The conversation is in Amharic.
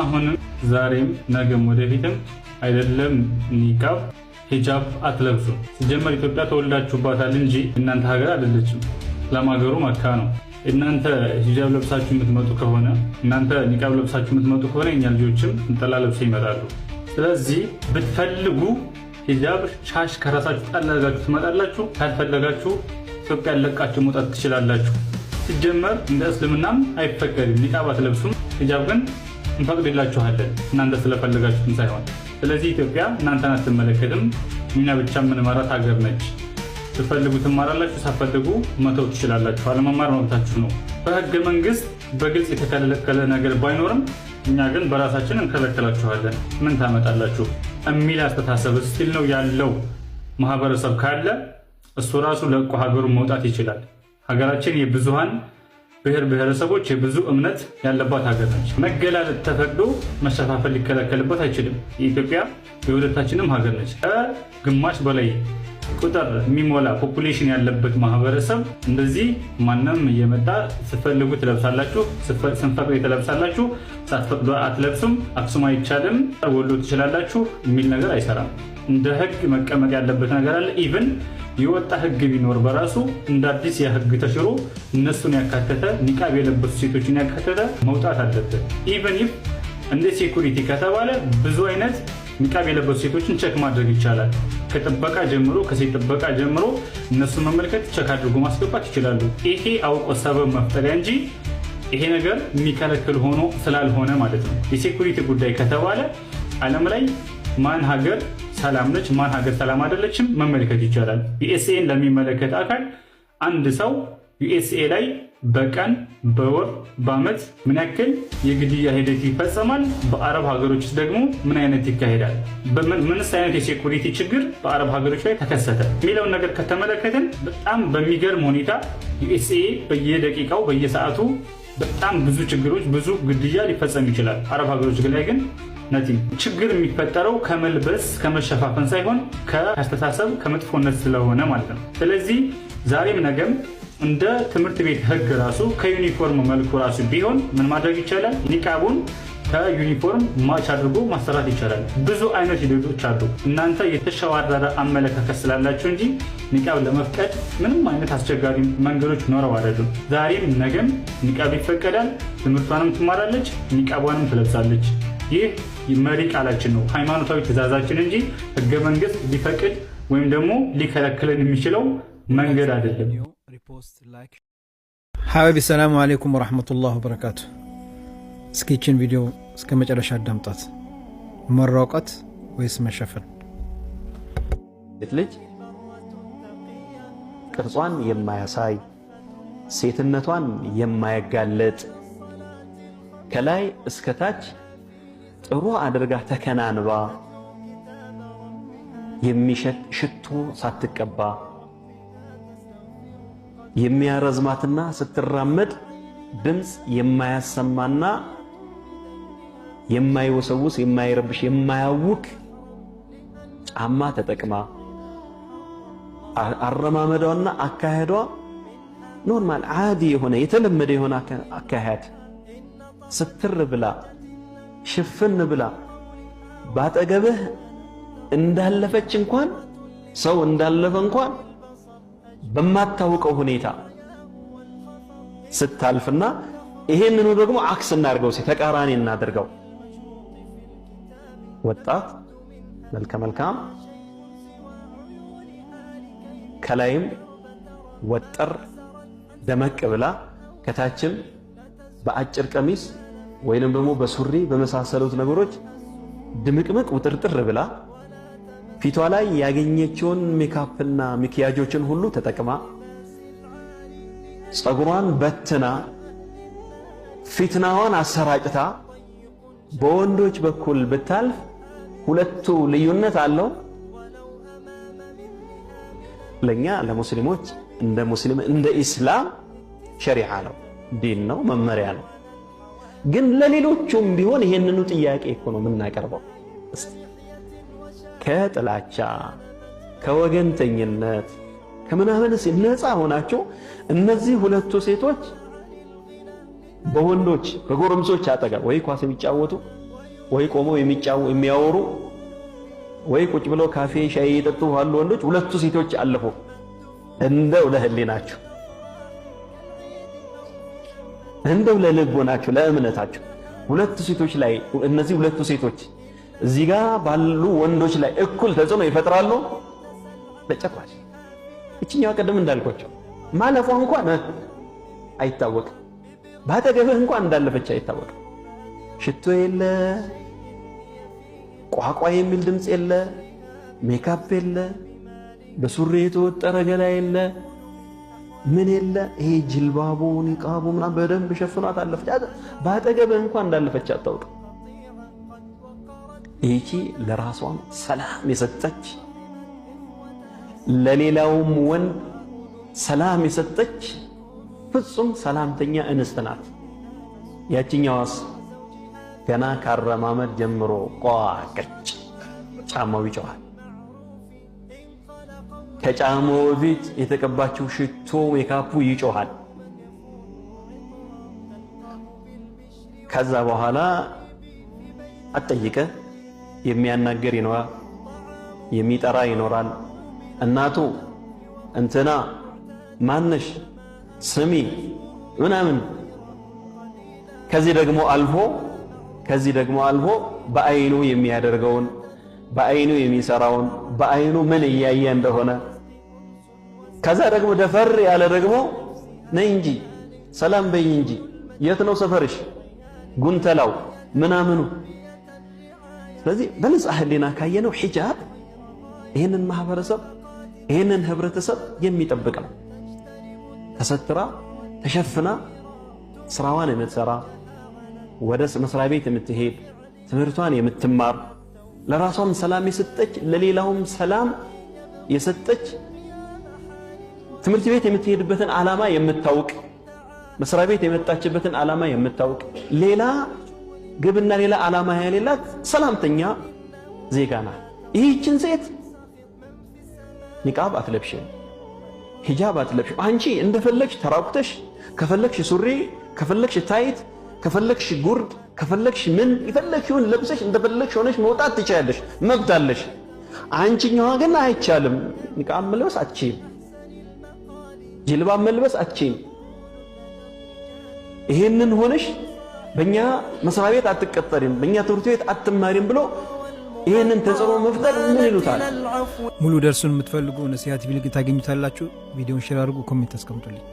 አሁንም ዛሬም ነገም ወደፊትም አይደለም ኒቃብ ሂጃብ አትለብሱ። ሲጀመር ኢትዮጵያ ተወልዳችሁባታል እንጂ እናንተ ሀገር አይደለችም። ለማገሩ መካ ነው። እናንተ ሂጃብ ለብሳችሁ የምትመጡ ከሆነ እናንተ ኒቃብ ለብሳችሁ የምትመጡ ከሆነ እኛ ልጆችም እንጠላ ለብሰው ይመጣሉ። ስለዚህ ብትፈልጉ ሂጃብ ሻሽ ከራሳችሁ ጣል ትመጣላችሁ። ካልፈለጋችሁ ኢትዮጵያ ለቃችሁ መውጣት ትችላላችሁ። ሲጀመር እንደ እስልምናም አይፈቀድም። ኒቃብ አትለብሱም፣ ሂጃብ ግን እንፈቅድላችኋለን እናንተ ስለፈለጋችሁትን ሳይሆን። ስለዚህ ኢትዮጵያ እናንተን አትመለከትም። እኛ ብቻ የምንመራት ሀገር ነች። ስትፈልጉ ትማራላችሁ፣ ሳትፈልጉ መተው ትችላላችሁ። አለመማር መብታችሁ ነው። በህገ መንግስት በግልጽ የተከለከለ ነገር ባይኖርም እኛ ግን በራሳችን እንከለከላችኋለን። ምን ታመጣላችሁ የሚል አስተሳሰብ ስቲል ነው ያለው ማህበረሰብ ካለ እሱ ራሱ ለቁ ሀገሩ መውጣት ይችላል። ሀገራችን የብዙሀን ብሔር ብሔረሰቦች የብዙ እምነት ያለባት ሀገር ነች። መገላለጥ ተፈቅዶ መሸፋፈል ሊከለከልበት አይችልም። ኢትዮጵያ የሁለታችንም ሀገር ነች። ከግማሽ በላይ ቁጥር የሚሞላ ፖፑሌሽን ያለበት ማህበረሰብ እንደዚህ ማንም እየመጣ ስትፈልጉ ትለብሳላችሁ፣ ስንፈቅድ ትለብሳላችሁ፣ ሳትፈቅዱ አትለብሱም፣ አክሱም አይቻልም፣ ወሎ ትችላላችሁ የሚል ነገር አይሰራም። እንደ ህግ መቀመጥ ያለበት ነገር አለ። ኢቨን የወጣ ህግ ቢኖር በራሱ እንደ አዲስ የህግ ተሽሮ እነሱን ያካተተ ኒቃብ የለበሱ ሴቶችን ያካተተ መውጣት አለበት። ኢቨን ይፍ እንደ ሴኩሪቲ ከተባለ ብዙ አይነት ኒቃብ የለበሱ ሴቶችን ቸክ ማድረግ ይቻላል። ከጥበቃ ጀምሮ ከሴት ጥበቃ ጀምሮ እነሱን መመልከት ቸክ አድርጎ ማስገባት ይችላሉ። ይሄ አውቆ ሰበብ መፍጠሪያ እንጂ ይሄ ነገር የሚከለክል ሆኖ ስላልሆነ ማለት ነው። የሴኩሪቲ ጉዳይ ከተባለ አለም ላይ ማን ሀገር ሰላም ነች፣ ማን ሀገር ሰላም አይደለችም መመልከት ይቻላል። ዩኤስኤን ለሚመለከት አካል አንድ ሰው ዩኤስኤ ላይ በቀን በወር በአመት ምን ያክል የግድያ ሂደት ይፈጸማል? በአረብ ሀገሮች ደግሞ ምን አይነት ይካሄዳል? ምንስ አይነት የሴኩሪቲ ችግር በአረብ ሀገሮች ላይ ተከሰተ የሚለውን ነገር ከተመለከትን በጣም በሚገርም ሁኔታ ዩኤስኤ በየደቂቃው በየሰዓቱ በጣም ብዙ ችግሮች፣ ብዙ ግድያ ሊፈጸም ይችላል። አረብ ሀገሮች ላይ ግን ነቲ ችግር የሚፈጠረው ከመልበስ ከመሸፋፈን ሳይሆን ከአስተሳሰብ ከመጥፎነት ስለሆነ ማለት ነው። ስለዚህ ዛሬም ነገም እንደ ትምህርት ቤት ህግ ራሱ ከዩኒፎርም መልኩ ራሱ ቢሆን ምን ማድረግ ይቻላል? ኒቃቡን ከዩኒፎርም ማች አድርጎ ማሰራት ይቻላል። ብዙ አይነት ሂደቶች አሉ። እናንተ የተሸዋረረ አመለካከት ስላላቸው እንጂ ኒቃብ ለመፍቀድ ምንም አይነት አስቸጋሪ መንገዶች ኖረው አይደሉም። ዛሬም ነገም ኒቃብ ይፈቀዳል። ትምህርቷንም ትማራለች፣ ኒቃቧንም ትለብሳለች። ይህ መሪ ቃላችን ነው፣ ሃይማኖታዊ ትእዛዛችን እንጂ ህገ መንግስት ሊፈቅድ ወይም ደግሞ ሊከለክልን የሚችለው መንገድ አይደለም። post, like. ሀቢቢ ሰላሙ አሌይኩም ወረሕመቱላህ ወበረካቱ። እስኪ ይችን ቪዲዮ እስከ መጨረሻ አዳምጣት። መራውቀት ወይስ መሸፈን? ሴት ልጅ ቅርጿን የማያሳይ ሴትነቷን የማያጋለጥ ከላይ እስከታች ጥሩ አድርጋ ተከናንባ የሚሸት ሽቶ ሳትቀባ የሚያረዝማትና ስትራመድ ድምፅ የማያሰማና የማይወሰውስ የማይረብሽ የማያውክ ጫማ ተጠቅማ አረማመዷና አካሄዷ ኖርማል ዓዲ የሆነ የተለመደ የሆነ አካሄድ ስትር ብላ ሽፍን ብላ ባጠገብህ እንዳለፈች እንኳን ሰው እንዳለፈ እንኳን በማታውቀው ሁኔታ ስታልፍና ይሄንኑ ደግሞ አክስ እናድርገው፣ ተቃራኒ እናድርገው። ወጣት መልከ መልካም ከላይም ወጠር ደመቅ ብላ ከታችም በአጭር ቀሚስ ወይንም ደግሞ በሱሪ በመሳሰሉት ነገሮች ድምቅምቅ ውጥርጥር ብላ ፊቷ ላይ ያገኘችውን ሜካፕና ሚኪያጆችን ሁሉ ተጠቅማ ጸጉሯን በትና ፊትናዋን አሰራጭታ በወንዶች በኩል ብታልፍ ሁለቱ ልዩነት አለው። ለኛ ለሙስሊሞች እንደ ሙስሊም እንደ ኢስላም ሸሪዓ ነው፣ ዲን ነው፣ መመሪያ ነው። ግን ለሌሎቹም ቢሆን ይሄንኑ ጥያቄ እኮ ነው የምናቀርበው። ከጥላቻ ከወገንተኝነት ከምናምንስ ነፃ ሆናችሁ እነዚህ ሁለቱ ሴቶች በወንዶች በጎረምሶች አጠገብ ወይ ኳስ የሚጫወቱ ወይ ቆመው የሚያወሩ ወይ ቁጭ ብለው ካፌ ሻይ የጠጡ ያሉ ወንዶች ሁለቱ ሴቶች አለፉ። እንደው ለህሊናችሁ፣ እንደው ለልቦናችሁ፣ ለእምነታችሁ ሁለቱ ሴቶች ላይ እነዚህ ሁለቱ ሴቶች እዚህ ጋር ባሉ ወንዶች ላይ እኩል ተጽዕኖ ይፈጥራሉ? በጭራሽ። እችኛዋ ቅድም እንዳልኳቸው ማለፏ እንኳን አይታወቅም። ባጠገብህ እንኳን እንዳለፈች አይታወቅም። ሽቶ የለ፣ ቋቋ የሚል ድምፅ የለ፣ ሜካፕ የለ፣ በሱሪ የተወጠረ ገላ የለ፣ ምን የለ። ይሄ ጅልባቡ ኒቃቡ ምናምን በደንብ ሸፍኗት አለፈች። ባጠገብህ እንኳን እንዳለፈች አታውቅም። ይቺ ለራሷም ሰላም የሰጠች ለሌላውም ወንድ ሰላም የሰጠች ፍጹም ሰላምተኛ እንስት ናት። ያችኛዋስ ገና ካረማመድ ጀምሮ ቋቅጭ ጫማው ይጨዋል። ከጫማው በፊት የተቀባችው ሽቶ ሜካፑ ይጮሃል። ከዛ በኋላ አትጠይቀ የሚያናገር ይኖራል፣ የሚጠራ ይኖራል። እናቱ እንትና ማነሽ ስሚ ምናምን ከዚህ ደግሞ አልፎ ከዚህ ደግሞ አልፎ በአይኑ የሚያደርገውን በአይኑ የሚሰራውን በአይኑ ምን እያየ እንደሆነ ከዛ ደግሞ ደፈር ያለ ደግሞ ነይ እንጂ ሰላም በይኝ እንጂ የት ነው ሰፈርሽ ጉንተላው ምናምኑ ስለዚህ በንጹሕ ህሊና ካየነው ሒጃብ ይህንን ማህበረሰብ ይህንን ህብረተሰብ የሚጠብቅ ነው። ተሰትራ ተሸፍና ስራዋን የምትሰራ ወደ መስሪያ ቤት የምትሄድ ትምህርቷን የምትማር ለራሷም ሰላም የሰጠች ለሌላውም ሰላም የሰጠች ትምህርት ቤት የምትሄድበትን ዓላማ የምታውቅ መስሪያ ቤት የመጣችበትን ዓላማ የምታውቅ ሌላ ግብና ሌላ ዓላማ የሌላት ሰላምተኛ ዜጋ ናት። ይህችን ሴት ኒቃብ አትለብሽም፣ ሂጃብ አትለብሽም። አንቺ እንደፈለግሽ ተራቁተሽ ከፈለግሽ ሱሪ፣ ከፈለግሽ ታይት፣ ከፈለግሽ ጉርድ፣ ከፈለግሽ ምን የፈለግሽውን ለብሰሽ እንደፈለግሽ ሆነሽ መውጣት ትችያለሽ፣ መብት አለሽ። አንቺኛዋ ግን አይቻልም። ኒቃብ መልበስ አትችይም፣ ጅልባብ መልበስ አትችይም። ይሄንን ሆነሽ በእኛ መስሪያ ቤት አትቀጠሪም፣ በእኛ ትምህርት ቤት አትማሪም ብሎ ይህንን ተጽዕኖ መፍጠር ምን ይሉታል? ሙሉ ደርሱን የምትፈልጉ ነሲሃ ቲቪ ልግ ታገኙታላችሁ። ቪዲዮን ሼር አድርጉ፣ ኮሜንት አስቀምጡልኝ።